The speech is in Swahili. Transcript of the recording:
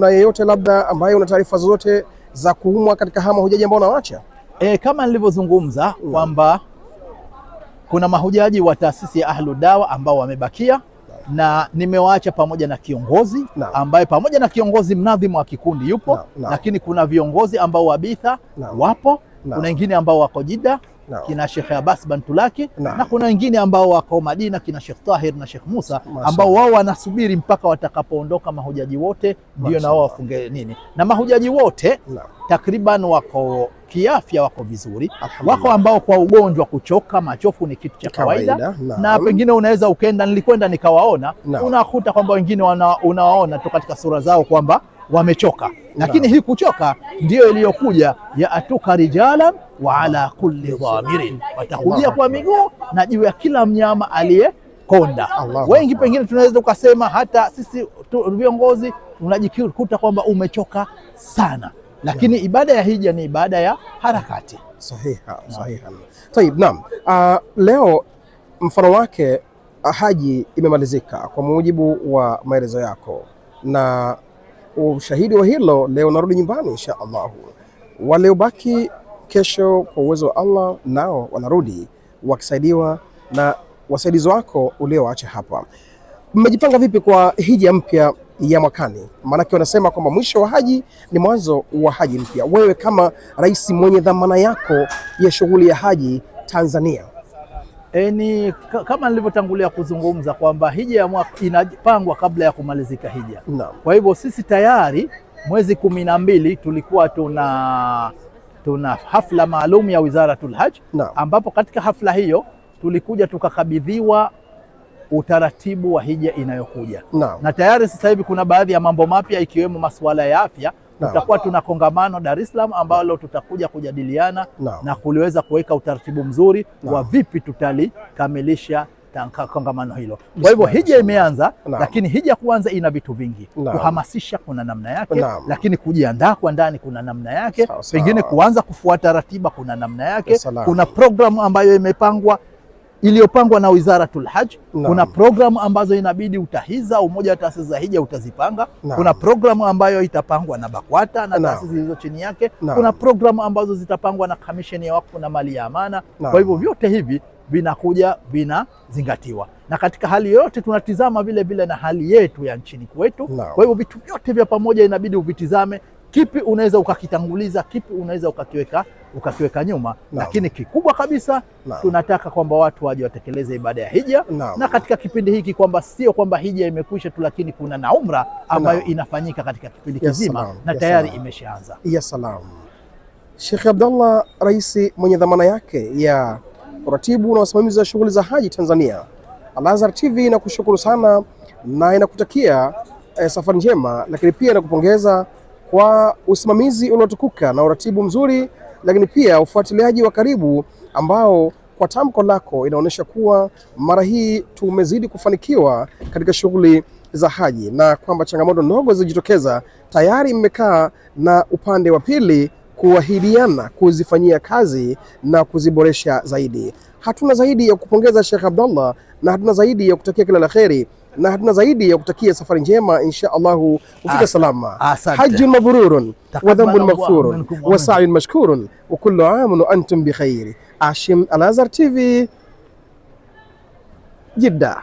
na yeyote labda ambaye una taarifa zozote za kuumwa katika haya mahujaji ambao unawacha? E, kama nilivyozungumza kwamba kuna mahujaji wa taasisi ya Ahlu Dawa ambao wamebakia na nimewaacha pamoja na kiongozi na, ambaye pamoja na kiongozi mnadhimu wa kikundi yupo na, na, lakini kuna viongozi ambao wabitha na, wapo na, kuna wengine ambao wako Jida no. kina Sheikh Abbas Bantulaki no. na kuna wengine ambao wako Madina kina Sheikh Tahir na Sheikh Musa ambao wao wanasubiri mpaka watakapoondoka mahujaji wote, ndio na wao wafunge nini, na mahujaji wote no. takriban wako kiafya wako vizuri, wako ambao kwa ugonjwa, kuchoka, machofu ni kitu cha kawaida, kawaida na pengine unaweza ukenda, nilikwenda nikawaona, unakuta kwamba wengine unawaona tu katika sura zao kwamba wamechoka, lakini hii kuchoka ndiyo iliyokuja ya atuka rijalan wa ala kulli dhamirin, watakujia kwa miguu na juu ya kila mnyama aliyekonda. Wengi pengine tunaweza tukasema hata sisi viongozi unajikuta kwamba umechoka sana, lakini yeah. ibada ya hija ni ibada ya harakati. Sahiha, sahiha. Tayib, naam. Uh, leo mfano wake ah, haji imemalizika kwa mujibu wa maelezo yako na ushahidi wa hilo leo narudi nyumbani insha Allahu. Waliobaki kesho, kwa uwezo wa Allah, nao wanarudi wakisaidiwa na wasaidizi wako ulioacha hapa. Mmejipanga vipi kwa hija mpya ya mwakani? Maanake wanasema kwamba mwisho wa haji ni mwanzo wa haji mpya. Wewe kama rais mwenye dhamana yako ya shughuli ya haji Tanzania E, ni kama nilivyotangulia kuzungumza kwamba hija ya mwaka inapangwa kabla ya kumalizika hija no. Kwa hivyo sisi tayari mwezi kumi na mbili tulikuwa tuna tuna hafla maalum ya Wizaratul Hajj no. Ambapo katika hafla hiyo tulikuja tukakabidhiwa utaratibu wa hija inayokuja no. Na tayari sasa hivi kuna baadhi ya mambo mapya ikiwemo masuala ya afya tutakuwa tuna kongamano Dar es Salaam ambalo tutakuja kujadiliana na, na kuliweza kuweka utaratibu mzuri na, wa vipi tutalikamilisha kongamano hilo. Kwa hivyo hija imeanza lakini hija kuanza ina vitu vingi kuhamasisha kuna namna yake Naam. lakini kujiandaa kwa ndani kuna namna yake, pengine kuanza kufuata ratiba kuna namna yake, kuna programu ambayo imepangwa iliyopangwa na Wizaratul Hajj. Kuna programu ambazo inabidi utahiza umoja wa taasisi za hija utazipanga. Kuna programu ambayo itapangwa na BAKWATA na taasisi zilizo chini yake. Kuna programu ambazo zitapangwa na Kamisheni ya Wakfu na Mali ya Amana. Kwa hivyo vyote hivi vinakuja vinazingatiwa, na katika hali yoyote tunatizama vile vile na hali yetu ya nchini kwetu. Kwa hivyo vitu vyote vya pamoja inabidi uvitizame kipi unaweza ukakitanguliza, kipi unaweza ukakiweka ukakiweka nyuma no. Lakini kikubwa kabisa no. tunataka kwamba watu waje watekeleze ibada ya hija no. na katika kipindi hiki kwamba sio kwamba hija imekwisha tu, lakini kuna na umra ambayo no. inafanyika katika kipindi kizima yes, na tayari yes, imeshaanza yes, salam. Sheikh Abdallah, rais mwenye dhamana yake ya uratibu na usimamizi wa shughuli za haji Tanzania, Al-Azhar TV inakushukuru sana na inakutakia eh, safari njema, lakini pia inakupongeza kwa usimamizi unaotukuka na uratibu mzuri, lakini pia ufuatiliaji wa karibu ambao kwa tamko lako inaonyesha kuwa mara hii tumezidi kufanikiwa katika shughuli za haji na kwamba changamoto ndogo zilizojitokeza tayari mmekaa na upande wa pili kuahidiana kuzifanyia kazi na kuziboresha zaidi. Hatuna zaidi ya kupongeza Sheikh Abdallah na hatuna zaidi ya kutakia kila la kheri. na hatuna zaidi ya kutakia safari njema, insha Allahu ufika salama. Hajjun mabrurun wa dhanbun maghfurun wa sa'yun mashkurun wa kullu amun wa antum bi khairi. Ashim Al Azhar TV Jidda.